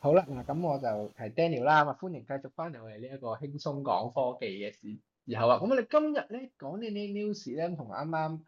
好啦，嗱咁我就係 Daniel 啦，咁啊歡迎繼續翻嚟我哋呢一個輕鬆講科技嘅事。然後啊，咁我哋今日咧講啲 news 咧，同啱啱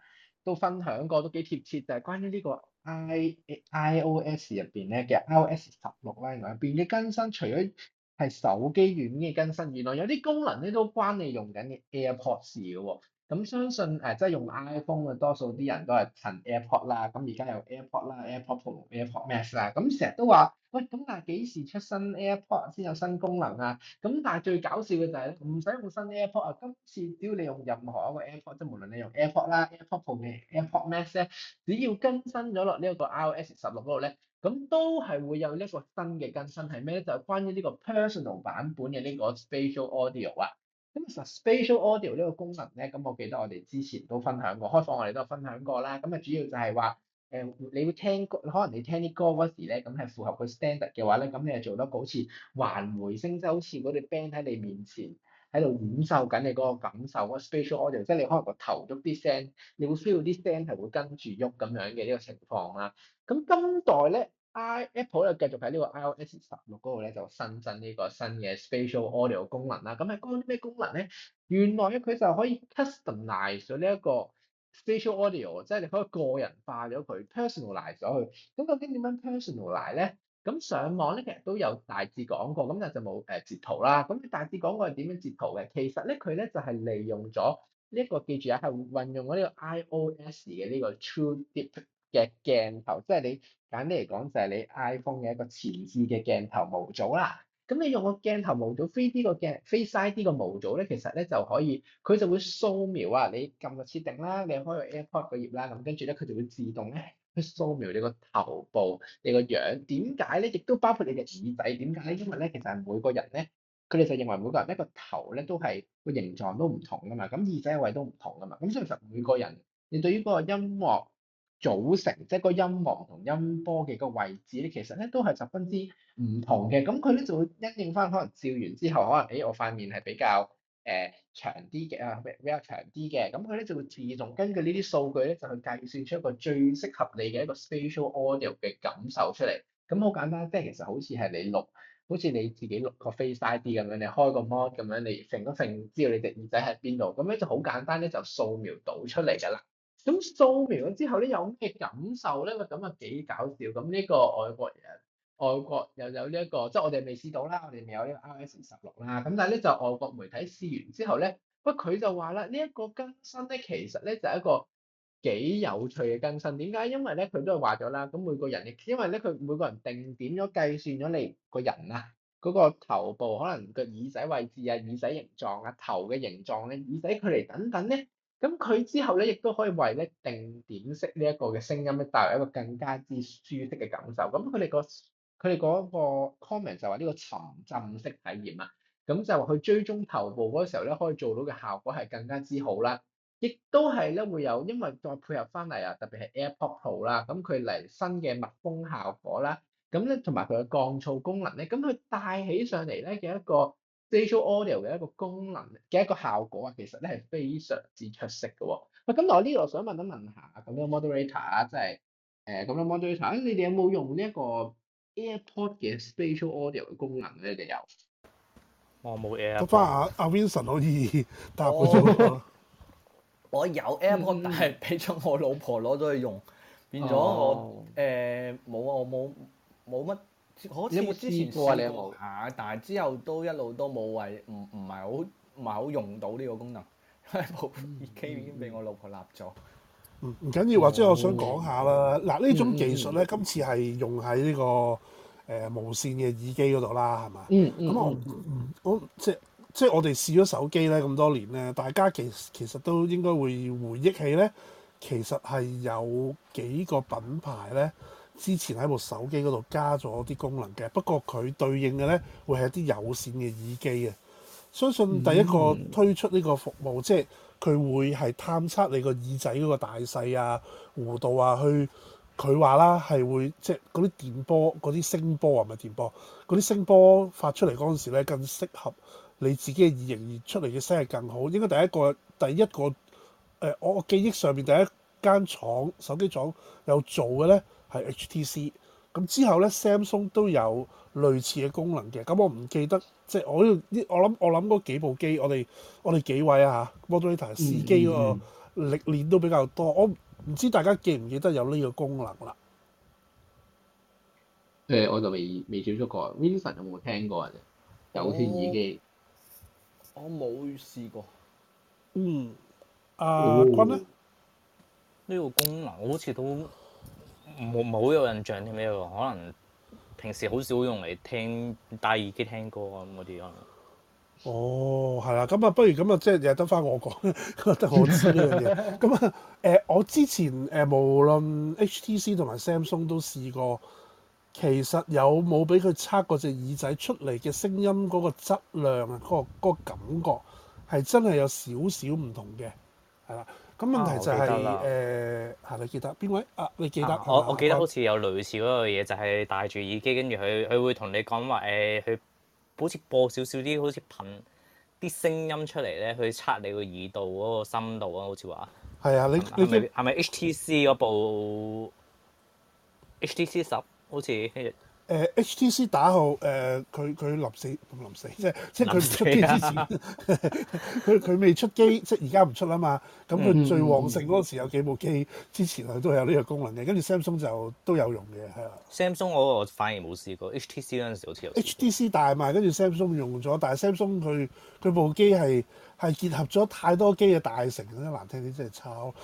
都分享過都幾貼切就係、是、關於呢個 i iOS 入邊咧嘅 iOS 十六啦，入邊嘅更新，除咗係手機軟件嘅更新，原來有啲功能咧都關你用緊嘅 AirPods 嘅喎、哦。咁、嗯、相信誒、啊，即係用 iPhone 嘅多數啲人都係陳 AirPod 啦、啊。咁而家有 AirPod 啦、啊、AirPod p AirPod Max 啦、啊。咁成日都話，喂，咁但係幾時出新 AirPod 先、啊、有新功能啊？咁但係最搞笑嘅就係唔使用新 AirPod 啊。今次只要你用任何一個 AirPod、啊、即係無論你用 AirPod 啦、啊、AirPod p AirPod Max 咧、啊，只要更新咗落呢一個 iOS 十六度咧，咁、啊啊、都係會有一個新嘅更新係咩咧？就是、關於呢個 personal 版本嘅呢個 Spatial Audio 啊。咁實 spatial audio 呢個功能咧，咁我記得我哋之前都分享過，開放我哋都有分享過啦。咁啊，主要就係話，誒、呃，你會聽歌，可能你聽啲歌嗰時咧，咁係符合佢 standard 嘅話咧，咁你係做到好似環迴聲，即、就是、好似嗰隊 band 喺你面前喺度演奏緊你嗰個感受。那個、spatial audio 即係你可能個頭喐啲聲，你會 feel 啲聲係會跟住喐咁樣嘅呢個情況啦。咁今代咧。iApple 又繼續喺呢個 iOS 十六嗰度咧，就新增呢個新嘅 Spatial Audio 功能啦。咁係講啲咩功能咧？原來咧，佢就可以 customize 咗呢一個 Spatial Audio，即係你可以個人化咗佢 personalize 咗佢。咁究竟點樣 personalize 咧？咁上網咧，其實都有大致講過，咁但就冇誒截圖啦。咁你大致講過係點樣截圖嘅？其實咧，佢咧就係、是、利用咗呢一個記住啊，係運用咗呢個 iOS 嘅呢個 True 嘅鏡頭，即係你簡單嚟講，就係你 iPhone 嘅一個前置嘅鏡頭模組啦。咁你用個鏡頭模組 Face 啲個鏡 Face ID 個模組咧，其實咧就可以，佢就會掃描啊！你撳個設定啦，你開個 AirPod 嘅頁啦，咁跟住咧佢就會自動咧去掃描你個頭部、你個樣。點解咧？亦都包括你嘅耳仔。點解咧？因為咧，其實係每個人咧，佢哋就認為每個人咧個頭咧都係個形狀都唔同噶嘛，咁耳仔嘅位都唔同噶嘛。咁所以其實每個人，你對於嗰個音樂。組成，即係個音樂同音波嘅個位置咧，其實咧都係十分之唔同嘅。咁佢咧就會因應翻可能照完之後，可能誒我塊面係比較誒、呃、長啲嘅啊，比比較長啲嘅。咁佢咧就會自動根據呢啲數據咧，就去計算出一個最適合你嘅一個 Spatial Audio 嘅感受出嚟。咁好簡單，即係其實好似係你錄，好似你自己錄個 Face ID 咁樣，你開個 mod 咁樣，你成個成，知道你隻耳仔喺邊度，咁樣就好簡單咧，就掃描到出嚟㗎啦。咁掃描咗之後咧，有咩感受咧？個咁啊幾搞笑！咁呢個外國人，外國又有呢一個，即係我哋未試到啦，我哋未有呢個 iOS 十六啦。咁但係咧，就外國媒體試完之後咧，不過佢就話啦，呢一個更新咧，其實咧就係一個幾有趣嘅更新。點解？因為咧，佢都係話咗啦，咁每個人亦因為咧，佢每個人定點咗計算咗你個人啊，嗰個頭部可能個耳仔位置啊、耳仔形狀啊、頭嘅形狀咧、耳仔距離等等咧。咁佢之後咧，亦都可以為咧定點式呢一個嘅聲音咧，帶嚟一個更加之舒適嘅感受。咁佢哋個佢哋嗰個 comment 就話呢個沉浸式體驗啊，咁就話佢追蹤頭部嗰時候咧，可以做到嘅效果係更加之好啦。亦都係咧會有，因為再配合翻嚟啊，特別係 AirPods Pro 啦，咁佢嚟新嘅密封效果啦，咁咧同埋佢嘅降噪功能咧，咁佢帶起上嚟咧嘅一個 Spatial Audio 嘅一個功能嘅一個效果啊，其實咧係非常之出色嘅喎、哦。咁、啊、我呢度想問一問，問一下咁樣、那個 moderator，就是呃那個、moderator 啊，即係誒咁樣 Moderator，你哋有冇用呢一個 AirPod 嘅 Spatial Audio 嘅功能咧？你哋有？我冇 AirPod。翻下阿 Vincent 好似答咗啊。我有 AirPod，但係俾咗我老婆攞咗去用，變咗我誒冇啊！我冇冇乜。好似之前試過下、啊啊，但係之後都一路都冇為，唔唔係好，唔係好用到呢個功能， 因為部耳機已經俾我老婆立咗。唔唔緊要，或者我想講下啦，嗱呢、嗯嗯、種技術咧，今次係用喺呢、這個誒、呃、無線嘅耳機嗰度啦，係嘛？咁、嗯、我，我，我即即我哋試咗手機咧咁多年咧，大家其實其實都應該會回憶起咧，其實係有幾個品牌咧。之前喺部手機嗰度加咗啲功能嘅，不過佢對應嘅呢會係啲有線嘅耳機嘅。相信第一個推出呢個服務，嗯、即係佢會係探測你個耳仔嗰個大細啊、弧度啊，去佢話啦係會即係嗰啲電波、嗰啲聲波啊，唔係電波嗰啲聲波發出嚟嗰陣時呢，更適合你自己嘅耳型而出嚟嘅聲係更好。應該第一個第一個、呃、我記憶上面第一間廠手機廠有做嘅呢。係 HTC，咁之後咧 Samsung 都有類似嘅功能嘅。咁我唔記得，即係我呢度啲，我諗我諗嗰幾部機，我哋我哋幾位啊嚇，Monitor 試機嗰個歷練都比較多。我唔知大家記唔記得有呢個功能啦？誒、嗯，我就未未接觸過。Vincent 有冇聽過啊？有啲耳機，我冇試過。嗯，阿君咧呢個功能好似都～冇冇好有印象添咩？可能平時好少用嚟聽戴耳機聽歌啊，咁嗰啲可能。哦，係啦，咁啊，不如咁啊，即係又得翻我講，覺得我知呢樣嘢。咁啊， 誒、呃，我之前誒、呃、無論 HTC 同埋 Samsung 都試過，其實有冇俾佢測過隻耳仔出嚟嘅聲音嗰個質量啊，嗰、嗰個嗰個感覺係真係有少少唔同嘅，係啦。咁問題就係、是、誒，係咪、啊、記得邊、呃、位啊？你記得我、啊、吧我記得好似有類似嗰個嘢，就係、是、戴住耳機，跟住佢佢會同你講話誒，佢、呃、好似播少少啲，好似噴啲聲音出嚟咧，去測你個耳道嗰、那個深度啊，好似話。係啊，你是你係咪係咪 HTC 嗰部 HTC 十？嗯、HTC 10，好似。誒、呃、HTC 打後誒，佢、呃、佢臨死冇臨死，即係即係佢唔出機之前，佢佢、啊、 未出機，即係而家唔出啦嘛。咁佢最旺盛嗰時有幾部機，之前佢都有呢個功能嘅。跟住 Samsung 就都有用嘅，係啦。Samsung 我反而冇試過，HTC 嗰陣時好似有。HTC 大賣，跟住 Samsung 用咗，但係 Samsung 佢佢部機係。係結合咗太多機嘅大成，咁樣難聽啲真係炒。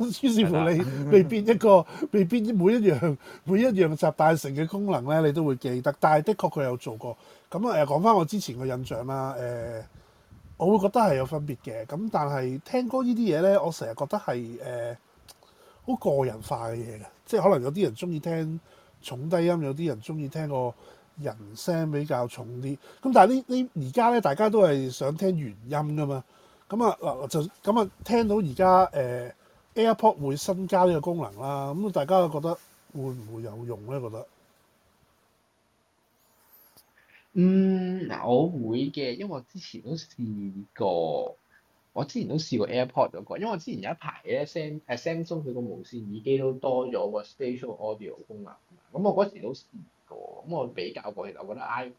於是乎你 未必一個，未必每一樣每一樣集大成嘅功能呢，你都會記得。但係的確佢有做過。咁誒、呃、講翻我之前個印象啦，誒、呃、我會覺得係有分別嘅。咁但係聽歌呢啲嘢呢，我成日覺得係誒好個人化嘅嘢嘅，即係可能有啲人中意聽重低音，有啲人中意聽個，人聲比較重啲，咁但係呢呢而家咧，大家都係想聽原音㗎嘛。咁啊嗱，就咁啊、嗯，聽到而家誒、呃、AirPod 會新加呢個功能啦。咁、嗯、大家覺得會唔會有用咧？覺得嗯嗱，我會嘅，因為我之前都試過，我之前都試過 AirPod 嗰、那個，因為我之前有一排咧 send 誒 Samsung 佢個無線耳機都多咗、那個 Spatial Audio 功能，咁我嗰時都。咁我比較過，其實我覺得 i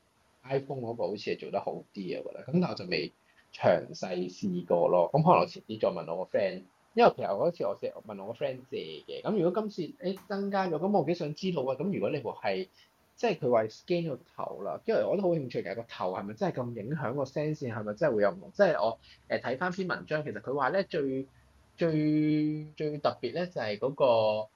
iPhone 嗰個好似係做得好啲啊，我覺得。咁但我就未詳細試過咯。咁可能我遲啲再問我個 friend，因為其實嗰次我借問我個 friend 借嘅。咁如果今次誒、欸、增加咗，咁我幾想知道啊。咁如果你部係即係佢話 scan 個頭啦，因為我都好興趣其實，個頭係咪真係咁影響個聲線？係咪真係會有唔同？即係我誒睇翻篇文章，其實佢話咧最最最特別咧就係嗰、那個。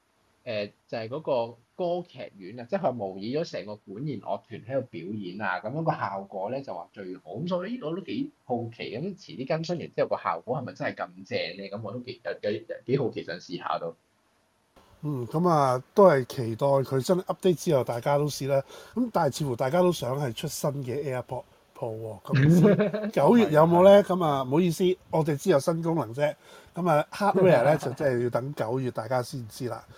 誒就係嗰個歌劇院啊，即係佢模擬咗成個管弦樂團喺度表演啊，咁樣個效果咧就話最好，咁所以我都幾好奇咁遲啲更新完之後個效果係咪真係咁正咧？咁我都幾幾好奇想試下都。嗯，咁啊都係期待佢真 update 之後大家都試啦。咁但係似乎大家都想係出新嘅 AirPod Pro 喎、哦。咁九月有冇咧？咁啊唔好意思，我哋只有新功能啫。咁啊 hardware 咧就真係要等九月大家先知啦。